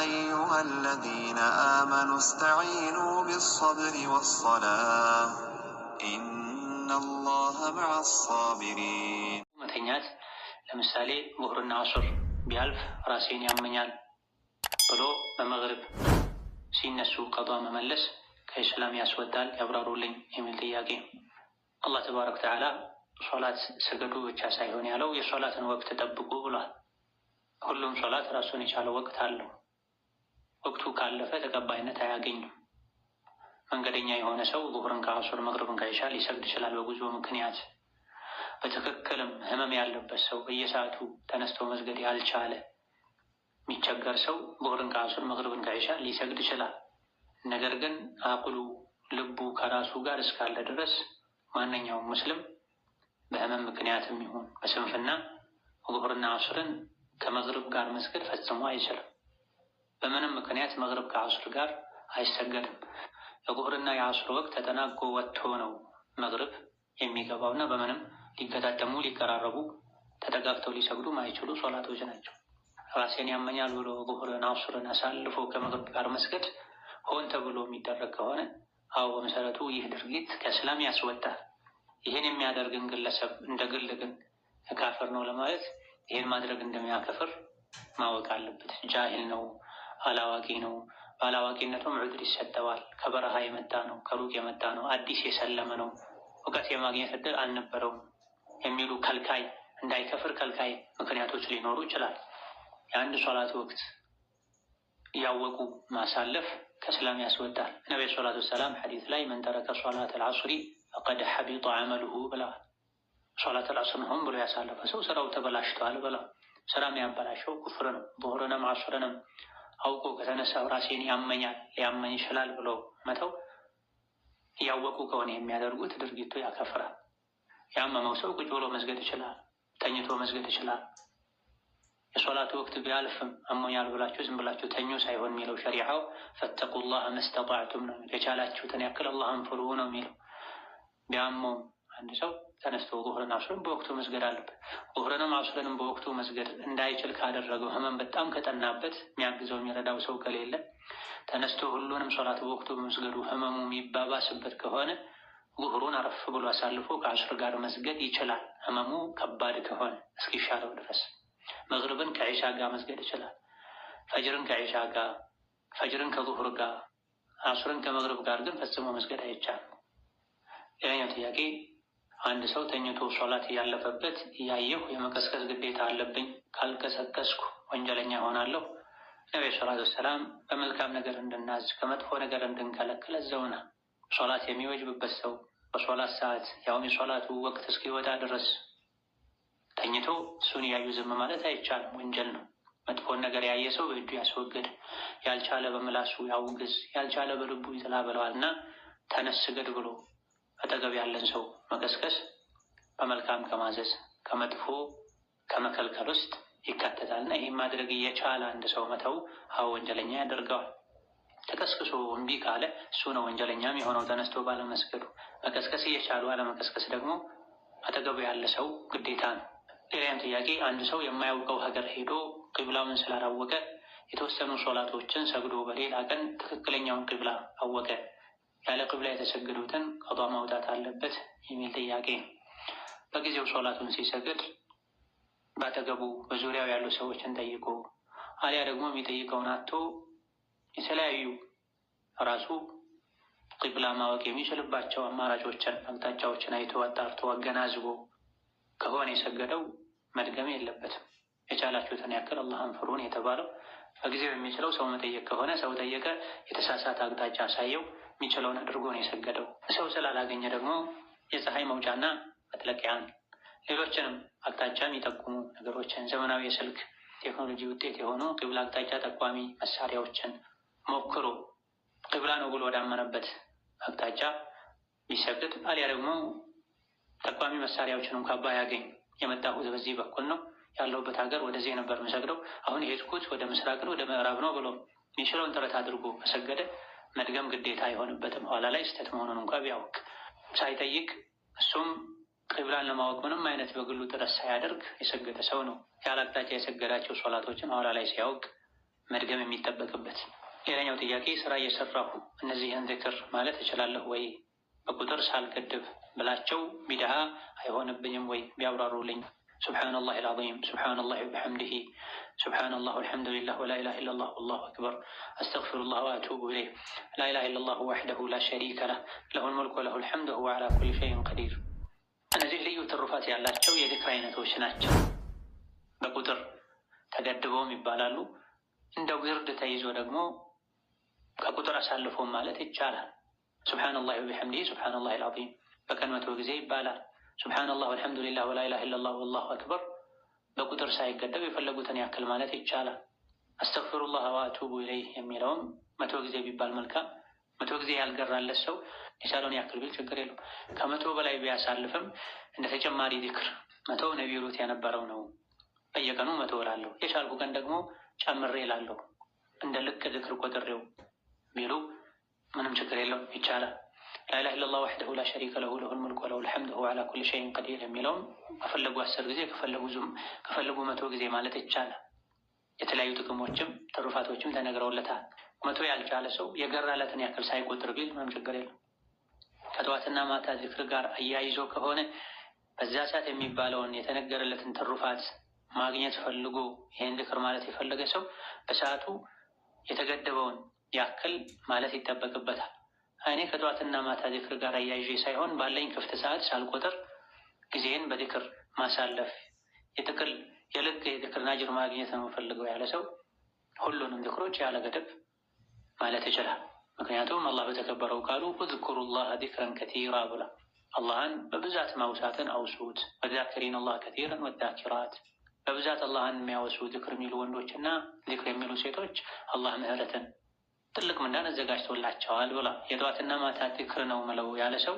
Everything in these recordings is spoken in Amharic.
أيها الذين آمنوا استعينوا بالصبر والصلاة إن الله مع الصابرين መተኛት ለምሳሌ ዙህርና ዐሱር ቢያልፍ ራሴን ያመኛል ብሎ በመግሪብ ሲነሱ ቀዷ መመለስ ከእስላም ያስወጣል ያብራሩልኝ የሚል ጥያቄ አላህ ተባረክ ተዓላ ሶላት ስገዱ ብቻ ሳይሆን ያለው የሶላትን ወቅት ጠብቁ ብሏል። ሁሉም ሶላት ራሱን የቻለ ወቅት አለው። ወቅቱ ካለፈ ተቀባይነት አያገኝም። መንገደኛ የሆነ ሰው ዙሁርን ከአሱር መቅረብን ከኢሻ ሊሰግድ ይችላል በጉዞ ምክንያት። በትክክልም ህመም ያለበት ሰው በየሰዓቱ ተነስቶ መስገድ ያልቻለ የሚቸገር ሰው ዙሁርን ከአሱር መቅረብን ከኢሻ ሊሰግድ ይችላል። ነገር ግን አቅሉ ልቡ ከራሱ ጋር እስካለ ድረስ ማንኛውም ሙስልም በህመም ምክንያትም ይሁን በስንፍና ዙሁርና አሱርን ከመግሪብ ጋር መስገድ ፈጽሞ አይችልም። በምንም ምክንያት መግሪብ ከአሱር ጋር አይሰገድም። የዙህርና የአሱር ወቅት ተጠናቆ ወጥቶ ነው መግሪብ የሚገባውና በምንም ሊገጣጠሙ ሊቀራረቡ ተጠጋግተው ሊሰግዱ ማይችሉ ሶላቶች ናቸው። ራሴን ያመኛል ብሎ ዙህርን ዐሱርን አሳልፎ ከመግሪብ ጋር መስገድ ሆን ተብሎ የሚደረግ ከሆነ አዎ በመሰረቱ ይህ ድርጊት ከእስላም ያስወጣል። ይህን የሚያደርግን ግለሰብ እንደ ግል ግን ካፍር ነው ለማለት ይህን ማድረግ እንደሚያከፍር ማወቅ አለበት። ጃሂል ነው አላዋቂ ነው። በአላዋቂነቱም ዑድር ይሰጠዋል። ከበረሃ የመጣ ነው፣ ከሩቅ የመጣ ነው፣ አዲስ የሰለመ ነው፣ እውቀት የማግኘት እድል አልነበረውም የሚሉ ከልካይ እንዳይከፍር ከልካይ ምክንያቶች ሊኖሩ ይችላል። የአንድ ሶላት ወቅት ያወቁ ማሳለፍ ከእስላም ያስወጣል። ነቢ ሰላቱ ወሰላም ሐዲስ ላይ መን ሶላት አልዐስሪ ፈቀድ ሐቢጦ አመልሁ ብለዋል። ሶላት አልዐስርን ሆን ብሎ ያሳለፈ ሰው ስራው ተበላሽተዋል ብለዋል። ስራ የሚያበላሸው ኩፍር ነው። ዙሁርንም ዐሱርንም አውቆ ከተነሳው ራሴን ያመኛል ሊያመኝ ይችላል ብሎ መተው እያወቁ ከሆነ የሚያደርጉት ድርጊቱ ያከፍራል። ያመመው ሰው ቁጭ ብሎ መስገድ ይችላል፣ ተኝቶ መስገድ ይችላል። የሶላቱ ወቅት ቢያልፍም አሞኛል ብላችሁ ዝም ብላችሁ ተኙ ሳይሆን የሚለው ሸሪዓው ፈተቁላህ መስተጣዕቱም ነው። የቻላችሁትን ያክል አላህን ፍሩ ነው የሚለው ቢያመውም አንድ ሰው ተነስቶ ዙህርን አስርን በወቅቱ መስገድ አለበት። ዙህርንም አስርንም በወቅቱ መስገድ እንዳይችል ካደረገው ህመም በጣም ከጠናበት የሚያግዘው የሚረዳው ሰው ከሌለ ተነስቶ ሁሉንም ሶላት በወቅቱ መስገዱ ህመሙ የሚባባስበት ከሆነ ዙህሩን አረፍ ብሎ አሳልፎ ከአስር ጋር መስገድ ይችላል። ህመሙ ከባድ ከሆነ እስኪሻለው ድረስ መግሪብን ከዒሻ ጋር መስገድ ይችላል። ፈጅርን ከዒሻ ጋር፣ ፈጅርን ከዙህር ጋር፣ አስርን ከመግሪብ ጋር ግን ፈጽሞ መስገድ አይቻልም። ሌላኛው ጥያቄ አንድ ሰው ተኝቶ ሶላት እያለፈበት እያየሁ የመቀስቀስ ግዴታ አለብኝ። ካልቀሰቀስኩ ወንጀለኛ ሆናለሁ። ነቢ ሰላት ወሰላም በመልካም ነገር እንድናዝ ከመጥፎ ነገር እንድንከለክል ዘውና ሶላት የሚወጅብበት ሰው በሶላት ሰዓት ያውም የሶላቱ ወቅት እስኪወጣ ድረስ ተኝቶ እሱን እያዩ ዝም ማለት አይቻልም፣ ወንጀል ነው። መጥፎን ነገር ያየ ሰው በእጁ ያስወግድ፣ ያልቻለ በምላሱ ያውግዝ፣ ያልቻለ በልቡ ይጥላ ብለዋልና ተነስገድ ብሎ አጠገብ ያለን ሰው መቀስቀስ በመልካም ከማዘዝ ከመጥፎ ከመከልከል ውስጥ ይካተታል እና ይህም ማድረግ እየቻለ አንድ ሰው መተው አዎ ወንጀለኛ ያደርገዋል። ተቀስቅሶ እምቢ ካለ እሱ ነው ወንጀለኛም የሆነው ተነስቶ ባለመስገዱ። መቀስቀስ እየቻሉ አለመቀስቀስ ደግሞ አጠገቡ ያለ ሰው ግዴታ ነው። ሌላም ጥያቄ አንድ ሰው የማያውቀው ሀገር ሄዶ ቅብላውን ስላላወቀ የተወሰኑ ሶላቶችን ሰግዶ በሌላ ቀን ትክክለኛውን ቅብላ አወቀ ያለ ቅብላ የተሰገዱትን ቀዷ መውጣት አለበት የሚል ጥያቄ። በጊዜው ሶላቱን ሲሰግድ በአጠገቡ በዙሪያው ያሉ ሰዎችን ጠይቆ አሊያ ደግሞ የሚጠይቀውን አቶ የተለያዩ ራሱ ቅብላ ማወቅ የሚችልባቸው አማራጮችን አቅጣጫዎችን አይቶ አጣርቶ አገናዝቦ ከሆነ የሰገደው መድገም የለበትም። የቻላችሁትን ያክል አላህን ፍሩን የተባለው በጊዜው የሚችለው ሰው መጠየቅ ከሆነ ሰው ጠየቀ፣ የተሳሳተ አቅጣጫ አሳየው የሚችለውን አድርጎ ነው የሰገደው። ሰው ስላላገኘ ደግሞ የፀሐይ መውጫና መጥለቂያን ሌሎችንም አቅጣጫ የሚጠቁሙ ነገሮችን ዘመናዊ የስልክ ቴክኖሎጂ ውጤት የሆኑ ቅብላ አቅጣጫ ጠቋሚ መሳሪያዎችን ሞክሮ ቅብላ ነው ብሎ ወዳመነበት አቅጣጫ ቢሰግድ፣ አሊያ ደግሞ ጠቋሚ መሳሪያዎችንም ባ ያገኝ። የመጣሁት በዚህ በኩል ነው ያለሁበት ሀገር ወደዚህ ነበር የምሰግደው፣ አሁን የሄድኩት ወደ ምስራቅ ወደ ምዕራብ ነው ብሎ የሚችለውን ጥረት አድርጎ መሰገደ መድገም ግዴታ አይሆንበትም። ኋላ ላይ ስህተት መሆኑን እንኳ ቢያውቅ ሳይጠይቅ እሱም ቅብላን ለማወቅ ምንም አይነት በግሉ ጥረት ሳያደርግ የሰገደ ሰው ነው። ያለ አቅጣጫ የሰገዳቸው ሶላቶችን ኋላ ላይ ሲያውቅ መድገም የሚጠበቅበት። ሌላኛው ጥያቄ ስራ እየሰራሁ እነዚህን ዝክር ማለት እችላለሁ ወይ በቁጥር ሳልገድብ ብላቸው ቢድሃ አይሆንብኝም ወይ ቢያብራሩልኝ። سبحان الله العظيم سبحان الله بحمده سبحان الله الحمد لله ولا إله إلا الله والله أكبر أستغفر الله وأتوب إليه لا إله إلا الله وحده لا شريك له له الملك وله الحمد هو على كل شيء قدير أنا زلي ترفات يا الله شوية ذكرين توشناتش بقدر تقدبوا مبالالو عند ورد تايز ورقمو كقدر أسالفهم مالتي جالا سبحان الله وبحمده سبحان الله العظيم فكان فكلمته زي بالالو ሱብሓነላህ ወልሐምዱሊላህ ወላ ኢላሃ ኢለላህ ወላሁ አክበር በቁጥር ሳይገደብ የፈለጉትን ያክል ማለት ይቻላል። አስተግፊሩላህ ወአቱቡ ኢለይህ የሚለውም መቶ ጊዜ ቢባል መልካም። መቶ ጊዜ ያልገራለት ሰው የቻለውን ያክል ቢል ችግር የለም። ከመቶ በላይ ቢያሳልፍም እንደ ተጨማሪ ዚክር መቶ ነቢዩ የነበረው ነው። በየቀኑ መቶ እላለሁ፣ የቻልኩ ቀን ደግሞ ጨምሬ እላለሁ፣ እንደ ልቅ ዚክር ቆጥሬው ቢሉ ምንም ችግር የለው ይቻላል። ላኢላህ ኢለላህ ወሕደሁ ላ ሸሪከ ለሁ ለሁል ሙልክ ወለሁል ሐምድ ወሁወ ዓላ ኩሊ ሸይን ቀዲር የሚለውን ከፈለጉ አስር ጊዜ ከፈለጉ መቶ ጊዜ ማለት ይቻላል። የተለያዩ ጥቅሞችም ትሩፋቶችም ተነግረውለታል። መቶ ያልቻለ ሰው የገራለትን ያክል ሳይቆጥር ቢል ምንም ችግር የለም። ከጠዋትና ማታ ዝክር ጋር አያይዞ ከሆነ በዛ ሰዓት የሚባለውን የተነገረለትን ትሩፋት ማግኘት ፈልጎ ይህን ዝክር ማለት የፈለገ ሰው በሰዓቱ የተገደበውን ያክል ማለት ይጠበቅበታል። እኔ ከጠዋትና ማታ ዚክር ጋር አያይዤ ሳይሆን ባለኝ ክፍት ሰዓት ሳልቆጥር ጊዜን በዚክር ማሳለፍ የትክል የልክ የዚክርን አጅር ማግኘት ነው የምፈልገው ያለ ሰው ሁሉንም ዚክሮች ያለ ገደብ ማለት ይችላል። ምክንያቱም አላህ በተከበረው ቃሉ ኡዝኩሩ ላህ ዚክረን ከቲራ ብላ አላህን በብዛት ማውሳትን አውሱት። ወዛክሪን ላህ ከቲረን ወዛኪራት በብዛት አላህን የሚያወሱ ዚክር የሚሉ ወንዶችና ዚክር የሚሉ ሴቶች አላህ ምህረትን ትልቅ ምንዳን አዘጋጅቶላቸዋል ብሏል። የጠዋትና ማታ ዚክር ነው ምለው ያለ ሰው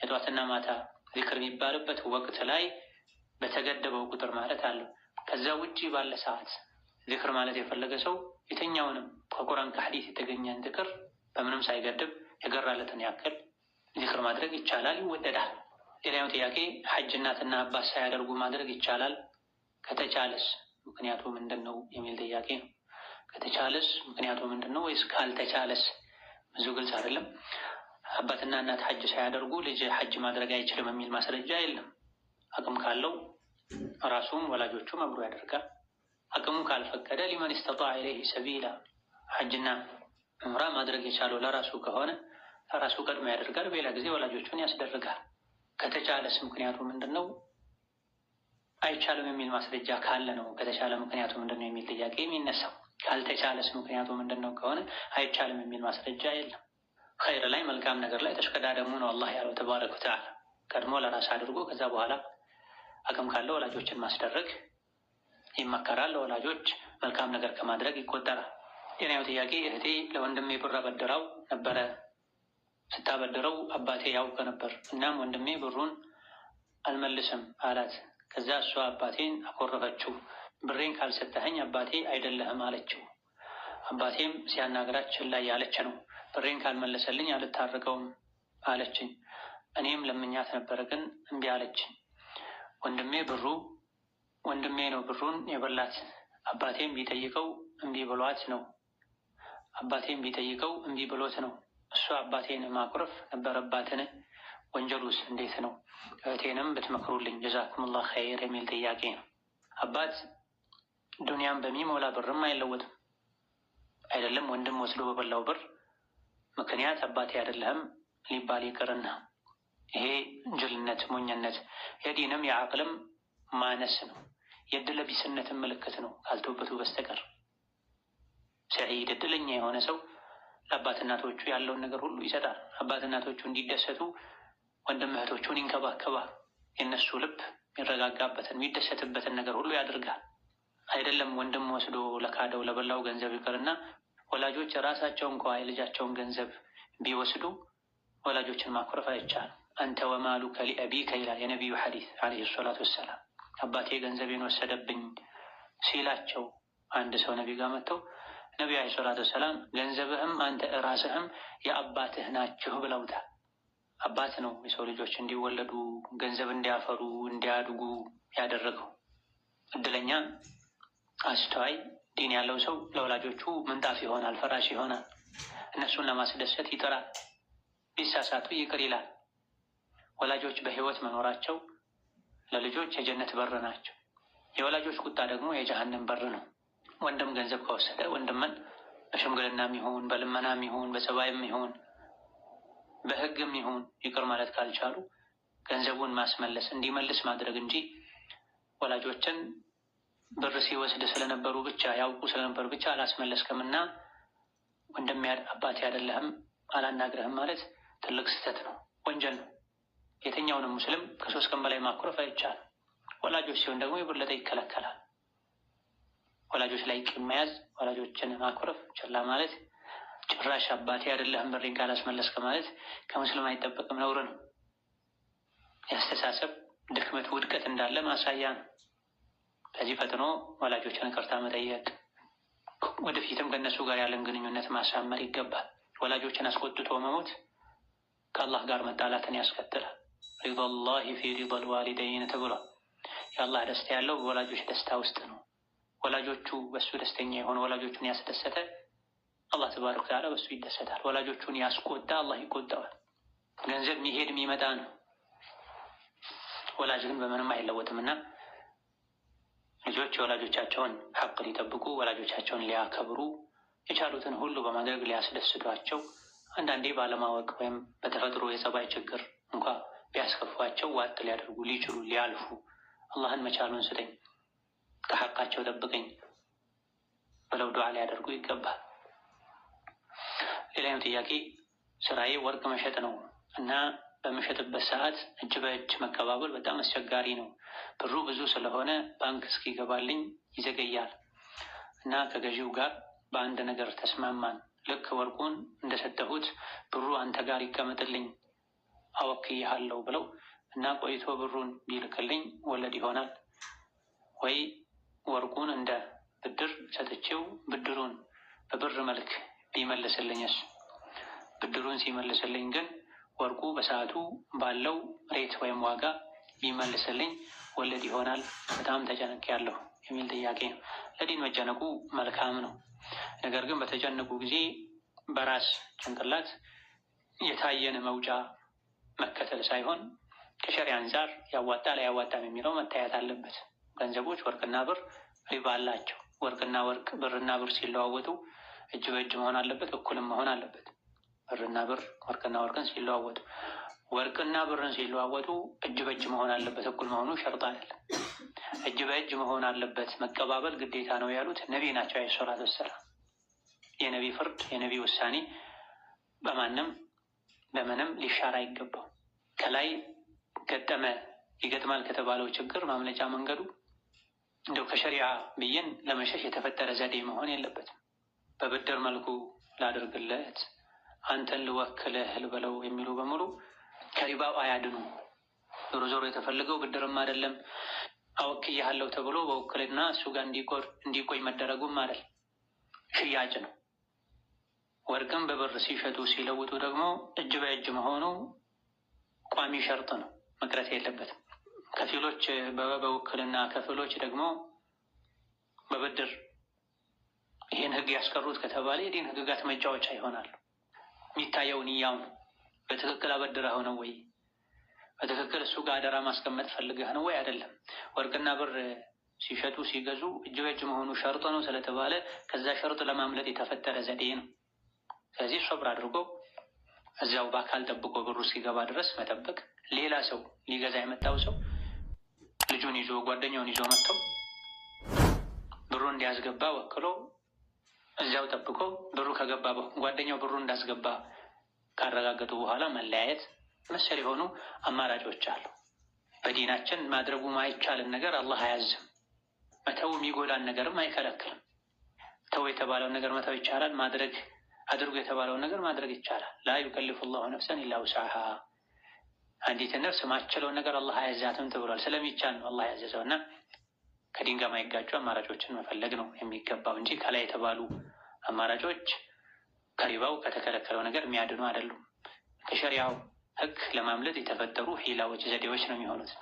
የጠዋትና ማታ ዚክር የሚባልበት ወቅት ላይ በተገደበው ቁጥር ማለት አለው። ከዛ ውጪ ባለ ሰዓት ዚክር ማለት የፈለገ ሰው የትኛውንም ከቁርአን ከሐዲስ የተገኘን ዚክር በምንም ሳይገድብ የገራለትን ያክል ዚክር ማድረግ ይቻላል፣ ይወደዳል። ሌላኛው ጥያቄ ሐጅ እናትና አባት ሳያደርጉ ማድረግ ይቻላል ከተቻለስ ምክንያቱ ምንድን ነው የሚል ጥያቄ ነው። ከተቻለስ ምክንያቱ ምንድን ነው? ወይስ ካልተቻለስ? ብዙ ግልጽ አይደለም። አባትና እናት ሐጅ ሳያደርጉ ልጅ ሐጅ ማድረግ አይችልም የሚል ማስረጃ የለም። አቅም ካለው ራሱም ወላጆቹም አብሮ ያደርጋል። አቅሙ ካልፈቀደ ሊመን ስተጣ ኢለይህ ሰቢላ ሐጅና ዑምራ ማድረግ የቻለው ለራሱ ከሆነ ለራሱ ቀድሞ ያደርጋል። በሌላ ጊዜ ወላጆቹን ያስደርጋል። ከተቻለስ ምክንያቱ ምንድን ነው? አይቻልም የሚል ማስረጃ ካለ ነው ከተቻለ ምክንያቱ ምንድን ነው የሚል ጥያቄ የሚነሳው። ካልተቻለስ ምክንያቱ ምንድን ነው ከሆነ አይቻልም የሚል ማስረጃ የለም። ኸይር ላይ መልካም ነገር ላይ ተሽቀዳደሙ ነው አላህ ያለው ተባረክ ወተዓላ። ቀድሞ ለራስ አድርጎ ከዛ በኋላ አቅም ካለው ወላጆችን ማስደረግ ይመከራል። ወላጆች መልካም ነገር ከማድረግ ይቆጠራል። ጤናው ጥያቄ እህቴ ለወንድሜ ብር አበድራው ነበረ። ስታበድረው አባቴ ያውቅ ነበር። እናም ወንድሜ ብሩን አልመልስም አላት። ከዛ እሷ አባቴን አኮረፈችው። ብሬን ካልሰጠኸኝ አባቴ አይደለህም አለችው። አባቴም ሲያናግራት ችላ ያለች ነው። ብሬን ካልመለሰልኝ አልታረቀውም አለችኝ። እኔም ለምኛት ነበረ፣ ግን እምቢ አለችኝ። ወንድሜ ብሩ ወንድሜ ነው ብሩን የበላት። አባቴም ቢጠይቀው እምቢ ብሏት ነው አባቴም ቢጠይቀው እምቢ ብሎት ነው። እሱ አባቴን ማኩረፍ ነበረባትን? ወንጀሉስ እንዴት ነው? እህቴንም ብትመክሩልኝ ጀዛኩሙላህ ኸይር የሚል ጥያቄ ነው አባት ዱንያም በሚሞላ ብርም አይለወጥም። አይደለም ወንድም ወስዶ በበላው ብር ምክንያት አባቴ አይደለህም ሊባል ይቅርና ይሄ ጅልነት፣ ሞኝነት የዲንም የአቅልም ማነስ ነው። የዕድለ ቢስነትን ምልክት ነው ካልተውበቱ በስተቀር። ሰዒድ ዕድለኛ የሆነ ሰው ለአባት እናቶቹ ያለውን ነገር ሁሉ ይሰጣል። አባት እናቶቹ እንዲደሰቱ ወንድም እህቶቹን ይንከባከባል። የእነሱ ልብ የሚረጋጋበትን የሚደሰትበትን ነገር ሁሉ ያደርጋል። አይደለም ወንድም ወስዶ ለካደው ለበላው ገንዘብ ይቅርና ወላጆች ራሳቸውን እንኳ የልጃቸውን ገንዘብ ቢወስዱ ወላጆችን ማኩረፍ አይቻል። አንተ ወማሉ ከሊአቢከ ይላል የነቢዩ ሐዲስ ዓለይሂ ሰላቱ ወሰላም። አባቴ ገንዘቤን ወሰደብኝ ሲላቸው አንድ ሰው ነቢ ጋር መጥተው ነቢ ዓለይሂ ሰላቱ ወሰላም ገንዘብህም አንተ ራስህም የአባትህ ናችሁ ብለውታል። አባት ነው የሰው ልጆች እንዲወለዱ ገንዘብ እንዲያፈሩ እንዲያድጉ ያደረገው እድለኛ አስተዋይ ዲን ያለው ሰው ለወላጆቹ ምንጣፍ ይሆናል፣ ፈራሽ ይሆናል። እነሱን ለማስደሰት ይጥራል። ቢሳሳቱ ይቅር ይላል። ወላጆች በህይወት መኖራቸው ለልጆች የጀነት በር ናቸው። የወላጆች ቁጣ ደግሞ የጀሃንም በር ነው። ወንድም ገንዘብ ከወሰደ ወንድምን በሽምግልናም ይሁን በልመናም ይሁን በጸባይም ይሁን በህግም ይሁን ይቅር ማለት ካልቻሉ ገንዘቡን ማስመለስ እንዲመልስ ማድረግ እንጂ ወላጆችን ብር ሲወስድ ስለነበሩ ብቻ ያውቁ ስለነበሩ ብቻ አላስመለስክም እና ወንድሜ አባቴ አይደለህም አላናግረህም ማለት ትልቅ ስህተት ነው፣ ወንጀል ነው። የትኛውንም ሙስልም ከሶስት ቀን በላይ ማኩረፍ አይቻል። ወላጆች ሲሆን ደግሞ የበለጠ ይከለከላል። ወላጆች ላይ ቂም መያዝ፣ ወላጆችን ማኩረፍ፣ ችላ ማለት፣ ጭራሽ አባቴ አይደለህም ብሬን ካላስመለስክ ማለት ከሙስልም አይጠበቅም፣ ነውር ነው። ያስተሳሰብ ድክመት ውድቀት እንዳለ ማሳያ ነው። ከዚህ ፈጥኖ ወላጆችን ቅርታ መጠየቅ፣ ወደፊትም ከእነሱ ጋር ያለን ግንኙነት ማሳመር ይገባል። ወላጆችን አስቆጥቶ መሞት ከአላህ ጋር መጣላትን ያስከትላል። ሪዳ ፊ ሪዳ ዋሊደይን ተብሏል። የአላህ ደስታ ያለው በወላጆች ደስታ ውስጥ ነው። ወላጆቹ በሱ ደስተኛ የሆነ ወላጆቹን ያስደሰተ አላህ ተባረክ ወተዓላ በሱ ይደሰታል። ወላጆቹን ያስቆጣ አላህ ይቆጣዋል። ገንዘብ የሚሄድ የሚመጣ ነው። ወላጅ ግን በምንም አይለወጥምና። ልጆች የወላጆቻቸውን ሀቅ ሊጠብቁ ወላጆቻቸውን ሊያከብሩ የቻሉትን ሁሉ በማድረግ ሊያስደስዷቸው አንዳንዴ ባለማወቅ ወይም በተፈጥሮ የጸባይ ችግር እንኳ ቢያስከፏቸው ዋጥ ሊያደርጉ ሊችሉ ሊያልፉ አላህን መቻሉን ስጠኝ፣ ከሀቃቸው ጠብቀኝ ብለው ዱዓ ሊያደርጉ ይገባል። ሌላኛው ጥያቄ ስራዬ ወርቅ መሸጥ ነው እና በምሸጥበት ሰዓት እጅ በእጅ መቀባበል በጣም አስቸጋሪ ነው። ብሩ ብዙ ስለሆነ ባንክ እስኪገባልኝ ይዘገያል እና ከገዢው ጋር በአንድ ነገር ተስማማን። ልክ ወርቁን እንደሰጠሁት ብሩ አንተ ጋር ይቀመጥልኝ አወክያለሁ ብለው እና ቆይቶ ብሩን ቢልክልኝ ወለድ ይሆናል ወይ? ወርቁን እንደ ብድር ሰጥቼው ብድሩን በብር መልክ ቢመልስልኝስ? ብድሩን ሲመልስልኝ ግን ወርቁ በሰዓቱ ባለው ሬት ወይም ዋጋ ቢመልስልኝ ወለድ ይሆናል። በጣም ተጨነቅ ያለሁ የሚል ጥያቄ ነው። ለዲን መጨነቁ መልካም ነው። ነገር ግን በተጨነቁ ጊዜ በራስ ጭንቅላት የታየን መውጫ መከተል ሳይሆን ከሸሪያ አንጻር ያዋጣ ላያዋጣም የሚለው መታየት አለበት። ገንዘቦች ወርቅና ብር ሪባ አላቸው። ወርቅና ወርቅ፣ ብርና ብር ሲለዋወጡ እጅ በእጅ መሆን አለበት፣ እኩልም መሆን አለበት። ብርና ብር፣ ወርቅና ወርቅን ሲለዋወጡ ወርቅና ብርን ሲለዋወጡ እጅ በእጅ መሆን አለበት። እኩል መሆኑ ሸርጥ አይደለም። እጅ በእጅ መሆን አለበት፣ መቀባበል ግዴታ ነው ያሉት ነቢ ናቸው። አይ ሰላት ወሰላም የነቢ ፍርድ የነቢ ውሳኔ በማንም በምንም ሊሻር አይገባው። ከላይ ገጠመ ይገጥማል ከተባለው ችግር ማምለጫ መንገዱ እንደው ከሸሪዓ ብይን ለመሸሽ የተፈጠረ ዘዴ መሆን የለበትም። በብድር መልኩ ላደርግለት? አንተን ልወክልህ ልበለው የሚሉ በሙሉ ከሪባው አያድኑ። ዞሮ ዞሮ የተፈለገው ብድርም አይደለም አወክያለሁ ተብሎ በውክልና እሱ ጋር እንዲቆይ መደረጉም አይደል፣ ሽያጭ ነው። ወርቅም በብር ሲሸጡ ሲለውጡ ደግሞ እጅ በእጅ መሆኑ ቋሚ ሸርጥ ነው፣ መቅረት የለበትም። ከፊሎች በውክልና ከፊሎች ደግሞ በብድር ይህን ህግ ያስቀሩት ከተባለ የዲን ህግጋት መጫወቻ ይሆናሉ። የሚታየው ንያው ነው። በትክክል አበድረኸው ነው ወይ? በትክክል እሱ ጋር አደራ ማስቀመጥ ፈልገህ ነው ወይ? አይደለም። ወርቅና ብር ሲሸጡ ሲገዙ እጅ በእጅ መሆኑ ሸርጥ ነው ስለተባለ ከዛ ሸርጥ ለማምለጥ የተፈጠረ ዘዴ ነው። ስለዚህ ሶብር አድርጎ እዚያው በአካል ጠብቆ ብሩ እስኪገባ ድረስ መጠበቅ። ሌላ ሰው ሊገዛ የመጣው ሰው ልጁን ይዞ ጓደኛውን ይዞ መጥተው ብሩ እንዲያስገባ ወክሎ እዚያው ጠብቆ ብሩ ከገባ ጓደኛው ብሩ እንዳስገባ ካረጋገጡ በኋላ መለያየት መሰል የሆኑ አማራጮች አሉ። በዲናችን ማድረጉ ማይቻልን ነገር አላህ አያዝም። መተው የሚጎዳን ነገርም አይከለክልም። ተው የተባለውን ነገር መተው ይቻላል። ማድረግ አድርጎ የተባለውን ነገር ማድረግ ይቻላል። ላ ዩከልፍ ላሁ ነፍሰን ኢላ ውስዓሃ አንዲት ነፍስ ማችለውን ነገር አላህ አያዛትም ትብሏል። ስለሚቻል ነው አላህ ያዘዘውና ከዲን ጋር የማይጋጩ አማራጮችን መፈለግ ነው የሚገባው እንጂ ከላይ የተባሉ አማራጮች ከሪባው ከተከለከለው ነገር የሚያድኑ አይደሉም። ከሸሪያው ህግ ለማምለጥ የተፈጠሩ ሂላዎች፣ ዘዴዎች ነው የሚሆኑት።